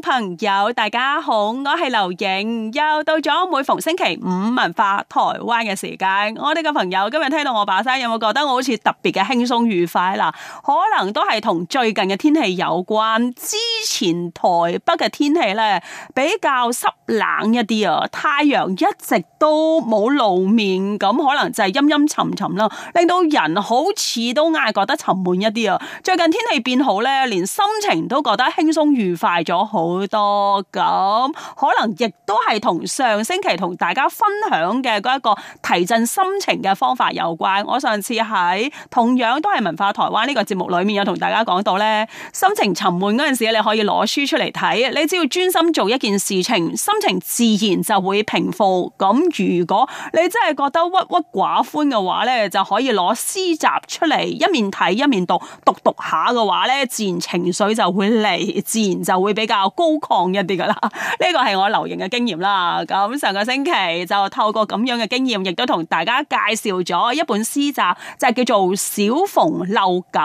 朋友，大家好，我係劉穎，又到咗每逢星期五文化台灣嘅時間。我哋嘅朋友今日聽到我把聲，有冇覺得我好似特別嘅輕鬆愉快？啦，可能都係同最近嘅天氣有關。之前台北嘅天氣咧比較濕冷一啲啊，太陽一直都冇露面，咁可能就係陰陰沉沉啦，令到人好似都嗌覺得沉悶一啲啊。最近天氣變好咧，連心情都覺得輕鬆愉快咗好。好多咁，可能亦都係同上星期同大家分享嘅嗰一個提振心情嘅方法有關。我上次喺同樣都係文化台灣呢個節目裏面，有同大家講到咧，心情沉悶嗰陣時你可以攞書出嚟睇，你只要專心做一件事情，心情自然就會平復。咁如果你真係覺得鬱鬱寡歡嘅話咧，就可以攞詩集出嚟一面睇一面讀，讀讀下嘅話咧，自然情緒就會嚟，自然就會比較高亢一啲噶啦，呢、這個係我流行嘅經驗啦。咁上個星期就透過咁樣嘅經驗，亦都同大家介紹咗一本詩集，就係、是、叫做《小縫遛狗》。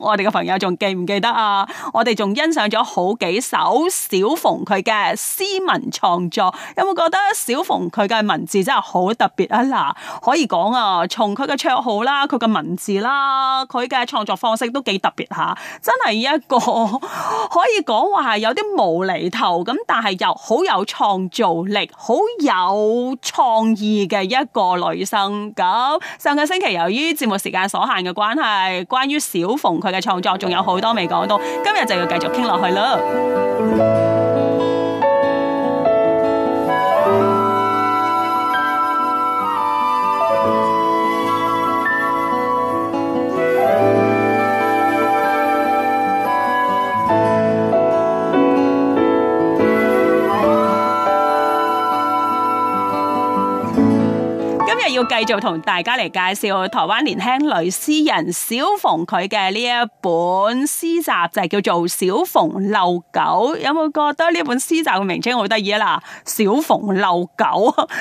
我哋嘅朋友仲記唔記得啊？我哋仲欣賞咗好幾首小縫佢嘅詩文創作，有冇覺得小縫佢嘅文字真係好特別啊？嗱，可以講啊，從佢嘅綽號啦，佢嘅文字啦，佢嘅創作方式都幾特別吓，真係一個可以講話係有啲無無厘頭咁，但係又好有創造力、好有創意嘅一個女生。咁上個星期由於節目時間所限嘅關係，關於小縫佢嘅創作仲有好多未講到，今日就要繼續傾落去啦。要繼續同大家嚟介紹台灣年輕女詩人小馮佢嘅呢一本詩集，就叫做《小馮遛狗》。有冇覺得呢本詩集嘅名稱好得意啊？《小馮遛狗》，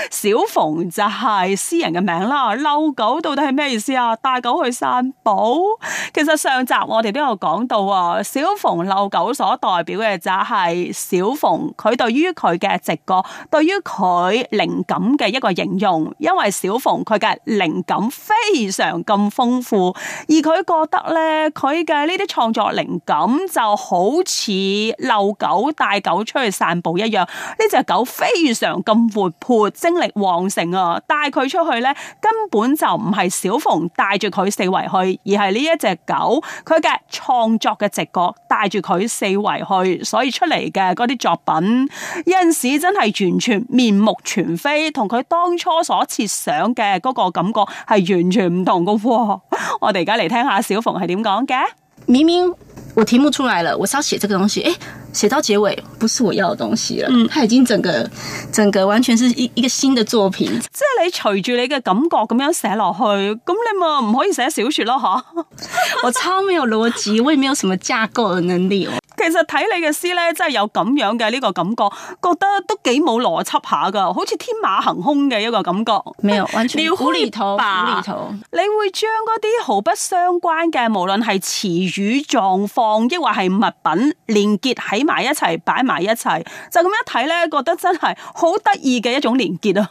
小鳳，小馮就係詩人嘅名啦。遛狗到底係咩意思啊？帶狗去散步。其實上集我哋都有講到啊，《小馮遛狗》所代表嘅就係小馮佢對於佢嘅直覺，對於佢靈感嘅一個形容。因為小佢嘅靈感非常咁豐富，而佢覺得呢，佢嘅呢啲創作靈感就好似遛狗帶狗出去散步一樣，呢隻狗非常咁活潑、精力旺盛啊！帶佢出去呢，根本就唔係小縫帶住佢四圍去，而係呢一隻狗佢嘅創作嘅直覺帶住佢四圍去，所以出嚟嘅嗰啲作品，有陣時真係完全面目全非，同佢當初所設想。嘅嗰個感覺係完全唔同嘅。哦， 我哋而家嚟聽下小馮係點講嘅。明明我題目出來了，我要寫這個東西，誒，寫到結尾不是我要嘅東西了，嗯，他已經整個整個完全是一一個新的作品，即係你隨住你嘅感覺咁樣寫落去，咁你咪唔可以寫小說咯，吓 我超沒有邏輯，我也沒有什麼架構嘅能力。其實睇你嘅詩咧，真係有咁樣嘅呢個感覺，覺得都幾冇邏輯下噶，好似天馬行空嘅一個感覺。沒有，完全。無厘頭吧，你會將嗰啲毫不相關嘅，無論係詞語狀況，抑或係物品，連結喺埋一齊，擺埋一齊，就咁樣一睇咧，覺得真係好得意嘅一種連結啊！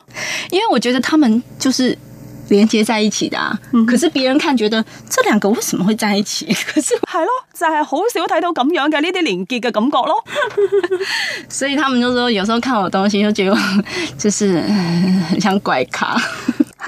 因為我覺得他們就是。連接在一起的，啊嗯，可是別人看覺得這兩個為什麼會在一起？可 是。係咯，就係好少睇到咁樣嘅呢啲連結嘅感覺咯。 所以他們就說，有時候看我嘅東西，就覺得就是很像怪咖。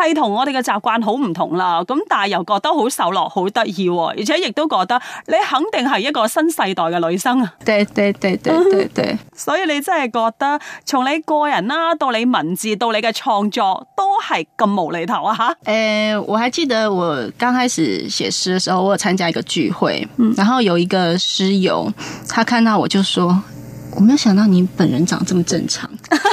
係同我哋嘅習慣好唔同啦，咁但係又覺得好受落，好得意，而且亦都覺得你肯定係一個新世代嘅女生。啊。對對對對對對，對對對 所以你真係覺得從你個人啦、啊，到你文字，到你嘅創作，都係咁無厘頭啊吓？誒、欸，我還記得我剛開始寫詩嘅時候，我有參加一個聚會，嗯、然後有一個詩友，他看到我就說：我沒有想到你本人長這麼正常。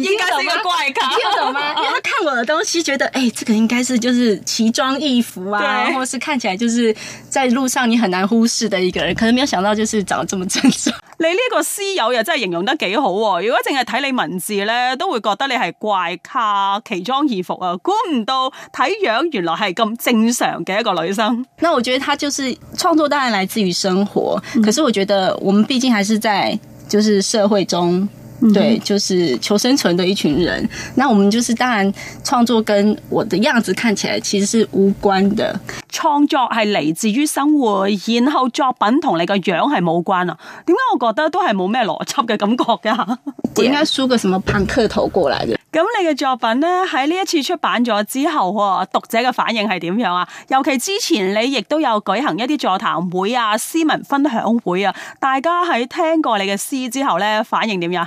應該是一個怪咖，聽得懂嗎？聽得懂嗎？因為他看我的東西，覺得哎、欸，這個應該是就是奇裝異服啊，或是看起來就是在路上你很難忽視的一個人。可是沒有想到，就是長得這麼正常。你這個室友也真的形容得幾好哦！如果淨係睇你文字咧，都會覺得你是怪咖、奇裝異服啊。估唔到睇樣，原來係咁正常嘅一個女生。那我覺得她就是創作，當然來自於生活、嗯。可是我覺得我們畢竟還是在就是社會中。對，就是求生存的一群人。那我們就是當然創作跟我的樣子看起來其實是無關的。創作係嚟自於生活，然後作品同你個樣係冇關啊。點解我覺得都係冇咩邏輯嘅感覺噶，啊，應該輸個什麼龐克頭過來嘅。咁 Yeah. 你嘅作品呢？喺呢一次出版咗之後，讀者嘅反應係點樣啊？尤其之前你亦都有舉行一啲座談會啊、詩文分享會啊，大家喺聽過你嘅詩之後呢，反應點樣？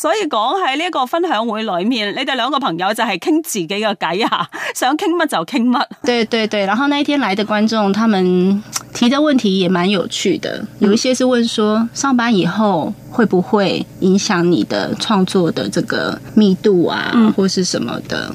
所以講喺呢一個分享會裏面，你哋兩個朋友就係傾自己嘅偈啊，想傾乜就傾乜。對對對，然後那一天來的觀眾，他們提嘅問題也蠻有趣的。有一些是問說，嗯、上班以後會不會影響你的創作的這個密度啊，嗯、或是什麼的。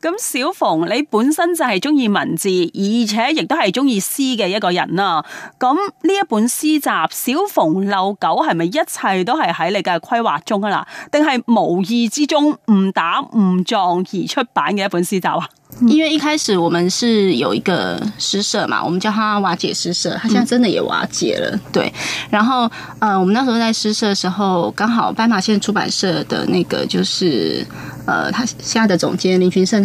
咁小縫，你本身就係中意文字，而且亦都係中意詩嘅一個人啦、啊。咁呢一本詩集《小縫遛狗》，係咪一切都係喺你嘅規劃中啊？啦，定係無意之中誤打誤撞而出版嘅一本詩集啊？因為一開始我們是有一個詩社嘛，我們叫它瓦解詩社，佢現在真的也瓦解了。嗯、對，然後，呃，我們那時候在詩社嘅時候，剛好斑馬線出版社的那個就是，呃，他現在的總監林群勝。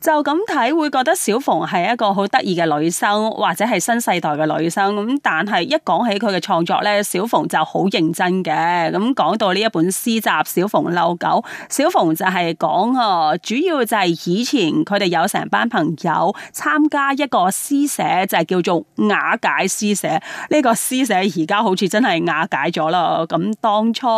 就咁睇會覺得小馮係一個好得意嘅女生，或者係新世代嘅女生咁。但係一講起佢嘅創作咧，小馮就好認真嘅。咁講到呢一本詩集《小馮遛狗》，小馮就係講啊，主要就係以前佢哋有成班朋友參加一個詩社，就係、是、叫做瓦解詩社。呢、這個詩社而家好似真係瓦解咗啦。咁當初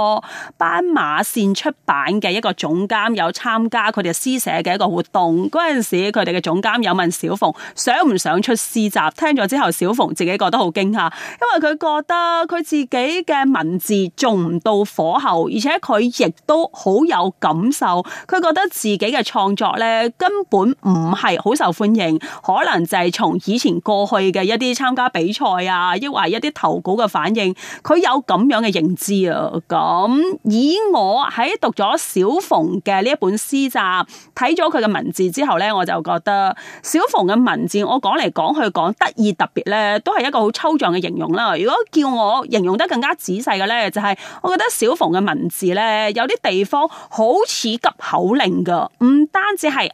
斑馬線出版嘅一個總監有參加佢哋詩社嘅一個活動。嗰陣時，佢哋嘅總監有問小縫想唔想出詩集？聽咗之後，小縫自己覺得好驚嚇，因為佢覺得佢自己嘅文字做唔到火候，而且佢亦都好有感受。佢覺得自己嘅創作咧根本唔係好受歡迎，可能就係從以前過去嘅一啲參加比賽啊，抑或一啲投稿嘅反應，佢有咁樣嘅認知啊。咁以我喺讀咗小縫嘅呢一本詩集，睇咗佢嘅文字之後咧。咧我就覺得小縫嘅文字，我講嚟講去講，得意特別咧，都係一個好抽象嘅形容啦。如果叫我形容得更加仔細嘅咧，就係、是、我覺得小縫嘅文字咧，有啲地方好似急口令噶，唔單止係。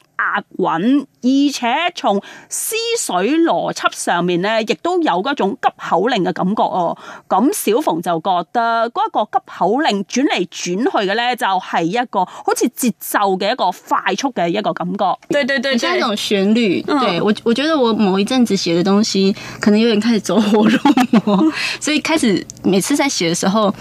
押韻，而且從思緒邏輯上面咧，亦都有嗰種急口令嘅感覺哦。咁小縫就覺得嗰個急口令轉嚟轉去嘅咧，就係、是、一個好似節奏嘅一個快速嘅一個感覺。對對對，對，對，同旋律。對、嗯、我，我覺得我某一陣子寫嘅東西，可能有點開始走火入魔， 所以開始每次在寫嘅時候。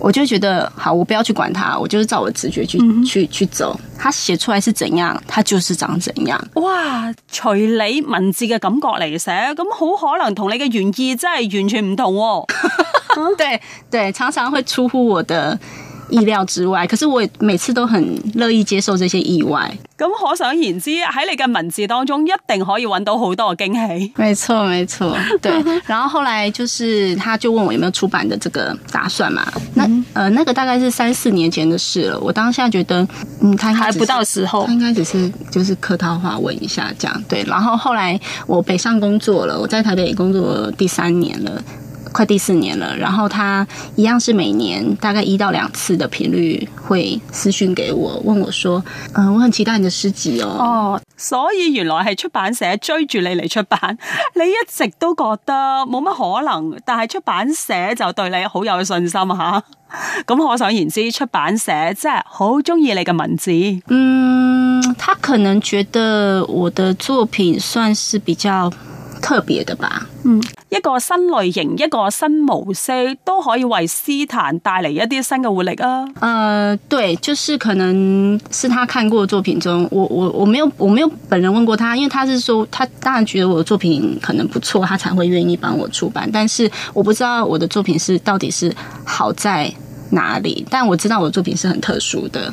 我就覺得好，我不要去管他，我就是照我的直覺去、嗯、哼去去走。他寫出來是怎樣，他就是長怎樣。哇，隨你文字嘅感覺嚟寫，咁好可能同你嘅原意真係完全唔同、哦。 對對，常常會出乎我的，意料之外，可是我每次都很樂意接受這些意外。咁可想而知，喺你嘅文字當中一定可以揾到好多嘅驚喜。沒錯，沒錯，對。 然后後來就是，他就問我有沒有出版的這個打算嘛？那，呃，那個大概是三四年前的事了。我當下覺得，嗯，他還不到時候，他應該只是就是客套話問一下，這樣。對。然后後來我北上工作了，我在台北工作第三年了。快第四年了，然後他一樣是每年大概一到兩次的頻率會私訊給我，問我說：，嗯、呃，我很期待你的詩集哦。哦，所以原來係出版社追住你嚟出版，你一直都覺得冇乜可能，但係出版社就對你好有信心吓。咁 可想而知，出版社真係好中意你嘅文字。嗯，他可能覺得我的作品算是比較。特別的吧，嗯，一個新類型，一個新模式，都可以為詩壇帶嚟一啲新嘅活力啊。誒、呃，對，就是可能是他看過的作品中，我我我沒有我沒有本人問過他，因為他是說他當然覺得我的作品可能不錯，他才會願意幫我出版，但是我不知道我的作品是到底是好在哪裏，但我知道我的作品是很特殊的。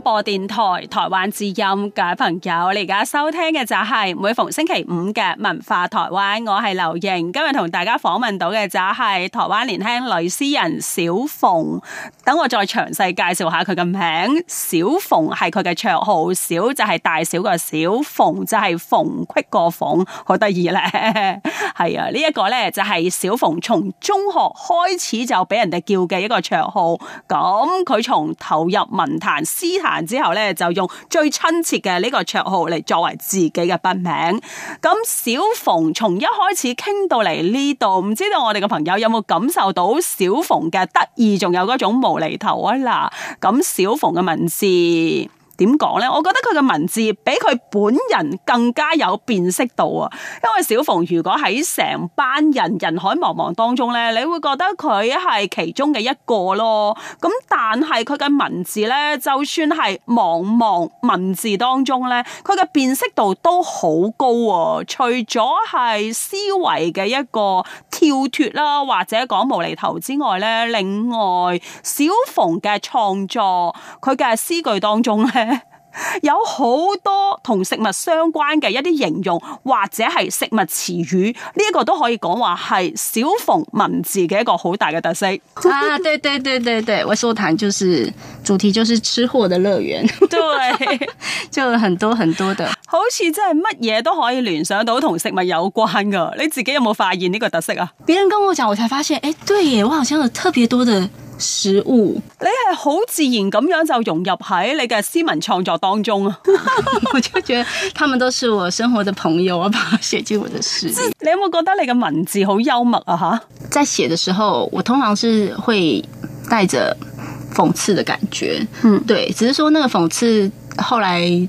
播電台台灣之音，各位朋友，你而家收聽嘅就係每逢星期五嘅文化台灣，我係劉瑩，今日同大家訪問到嘅就係台灣年輕女詩人小縫，等我再詳細介紹下佢嘅名。小縫係佢嘅綽號，小就係大小個小，縫就係縫隙個縫，好得意咧。係 啊，呢、這、一個咧就係小縫從中學開始就俾人哋叫嘅一個綽號。咁佢從投入文壇詩。之後咧就用最親切嘅呢個綽號嚟，作為自己嘅筆名。咁小縫從一開始傾到嚟呢度，唔知道我哋嘅朋友有冇感受到小縫嘅得意，仲有嗰種無厘頭啊嗱。咁小縫嘅文字，點講呢？我覺得佢嘅文字比佢本人更加有辨識度啊！因為小馮如果喺成班人，人海茫茫當中呢，你會覺得佢係其中嘅一個咯。咁但係佢嘅文字呢，就算係茫茫文字當中呢，佢嘅辨識度都好高喎。除咗係思維嘅一個跳脫啦，或者講無厘頭之外呢，另外小馮嘅創作，佢嘅詩句當中呢。有好多同食物相關嘅一啲形容或者係食物詞語，呢、這、一個都可以講話係小縫文字嘅一個好大嘅特色啊！對對對對對，我所談就是主題，就是吃貨的樂園，對 ，就很多很多的，好似真係乜嘢都可以聯想到同食物有關噶。你自己有冇發現呢個特色啊？別人跟我講，我才發現，誒、欸，對，我好像有特別多的。食物，你係好自然咁樣就融入喺你嘅詩文創作當中啊！ 我就覺得，他們都是我生活的朋友，我把它，寫進我的詩。你有冇覺得你嘅文字好幽默啊？吓，在寫的時候，我通常是會帶着諷刺嘅感覺。嗯，對，只是說那個諷刺後來。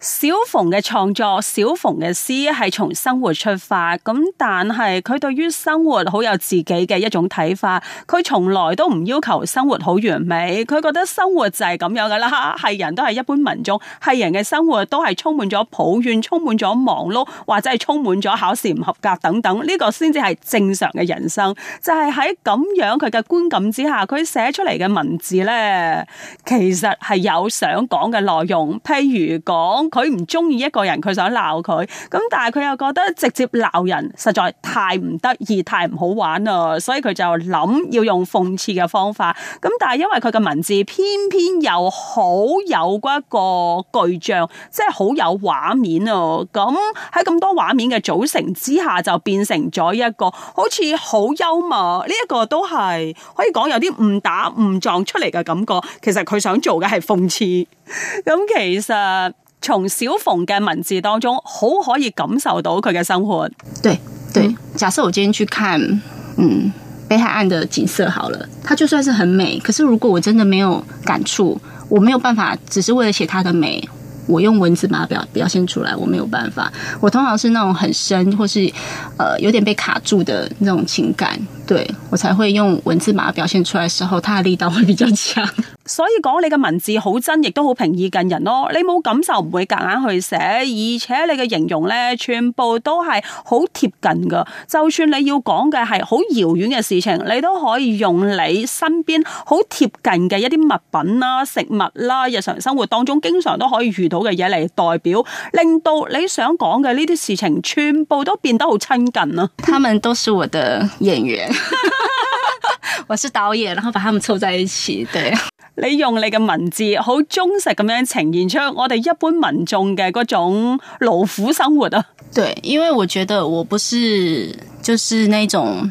小縫嘅創作，小縫嘅詩係從生活出發，咁但係佢對於生活好有自己嘅一種睇法。佢從來都唔要求生活好完美，佢覺得生活就係咁樣噶啦，啊，係人都係一般民眾，係人嘅生活都係充滿咗抱怨，充滿咗忙碌，或者係充滿咗考試唔合格等等，呢個先至係正常嘅人生。就係喺咁樣佢嘅觀感之下，佢寫出嚟嘅文字呢，其實係有想講嘅內容，譬如講。佢唔中意一個人，佢想鬧佢咁，但係佢又覺得直接鬧人實在太唔得意、太唔好玩啦，所以佢就諗要用諷刺嘅方法。咁但係因為佢嘅文字偏偏又好有嗰一個具象，即係好有畫面哦。咁喺咁多畫面嘅組成之下，就變成咗一個好似好幽默呢一個都係可以講有啲誤打誤撞出嚟嘅感覺。其實佢想做嘅係諷刺。咁其實。從小縫嘅文字當中，好可以感受到佢嘅生活。對對，假設我今天去看，嗯，北海岸嘅景色，好了，它就算是很美，可是如果我真的沒有感觸，我沒有辦法，只是為了寫它的美。我用文字把它表表現出來，我沒有辦法。我通常是那種很深，或是，呃，有點被卡住的那種情感，對我才會用文字把它表現出來，時候它的力道會比較強。所以講你嘅文字好真，亦都好平易近人咯。你冇感受唔會夾硬硬去寫，而且你嘅形容呢，全部都係好貼近噶。就算你要講嘅係好遙遠嘅事情，你都可以用你身邊好貼近嘅一啲物品啦、食物啦、日常生活當中經常都可以遇到。好嘅嘢嚟代表，令到你想講嘅呢啲事情，全部都變得好親近咯。他們都是我的演員， 我是導演，然後把他們湊在一起。對，你用你嘅文字好忠實咁樣呈現出我哋一般民眾嘅嗰種勞苦生活啊。對，因為我覺得我不是就是那種。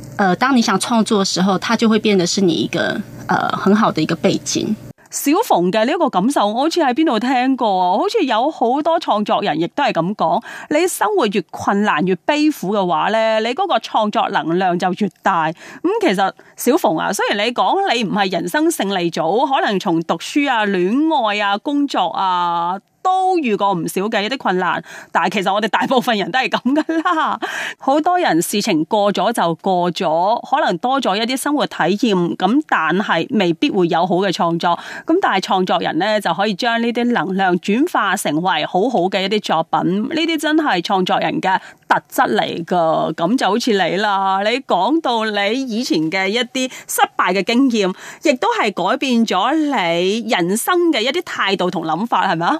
呃，當你想創作嘅時候，它就會變得是你一個，呃，很好的一個背景。小縫嘅呢一個感受，我好似喺邊度聽過，好似有好多創作人亦都係咁講。你生活越困難越悲苦嘅話咧，你嗰個創作能量就越大。咁、嗯、其實小縫啊，雖然你講你唔係人生勝利組，可能從讀書啊、戀愛啊、工作啊。都遇過唔少嘅一啲困難，但係其實我哋大部分人都係咁噶啦。好多人事情過咗就過咗，可能多咗一啲生活體驗，咁但係未必會有好嘅創作。咁但係創作人呢，就可以將呢啲能量轉化成為好好嘅一啲作品。呢啲真係創作人嘅特質嚟噶。咁就好似你啦，你講到你以前嘅一啲失敗嘅經驗，亦都係改變咗你人生嘅一啲態度同諗法，係咪啊？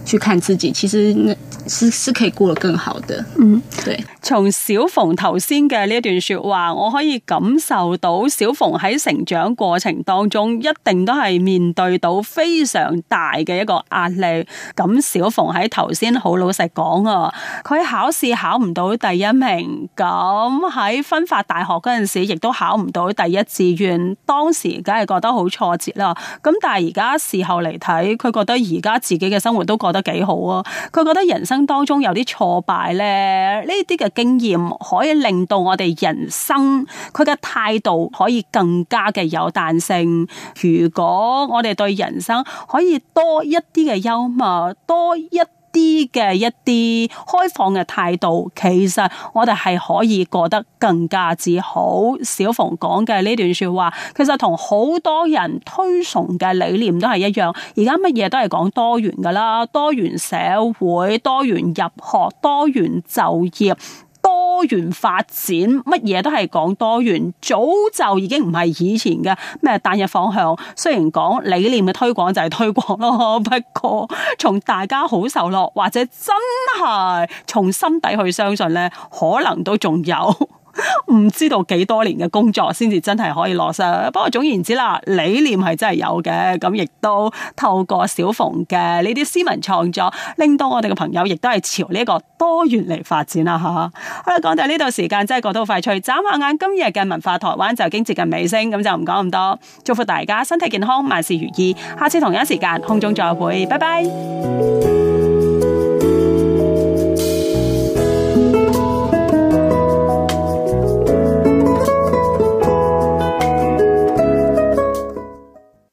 去看自己，其實那是是可以過得更好的。嗯，對。從小馮頭先嘅呢段說話，我可以感受到小馮喺成長過程當中一定都係面對到非常大嘅一個壓力。咁小馮喺頭先好老實講啊，佢考試考唔到第一名，咁喺分發大學嗰陣時亦都考唔到第一志願，當時梗係覺得好挫折啦。咁但係而家事後嚟睇，佢覺得而家自己嘅生活都過得。幾好啊！佢覺得人生當中有啲挫敗咧，呢啲嘅經驗可以令到我哋人生佢嘅態度可以更加嘅有彈性。如果我哋對人生可以多一啲嘅幽默，多一。啲嘅一啲開放嘅態度，其實我哋係可以過得更加之好。小縫講嘅呢段説話，其實同好多人推崇嘅理念都係一樣。而家乜嘢都係講多元㗎啦，多元社會、多元入學、多元就業，多元發展，乜嘢都係講多元，早就已經唔係以前嘅咩單一方向。雖然講理念嘅推廣就係推廣咯，不過從大家好受落，或者真係從心底去相信呢，可能都仲有，唔知道幾多年嘅工作先至真係可以落實，不過總言之啦，理念係真係有嘅，咁亦都透過小馮嘅呢啲詩文創作，令到我哋嘅朋友亦都係朝呢個多元嚟發展啦吓。好啦，講到呢度，時間真係過得好快脆，眨下眼，眼今日嘅文化台灣就已經接近尾聲，咁就唔講咁多，祝福大家身體健康，萬事如意，下次同一時間空中再會，拜拜。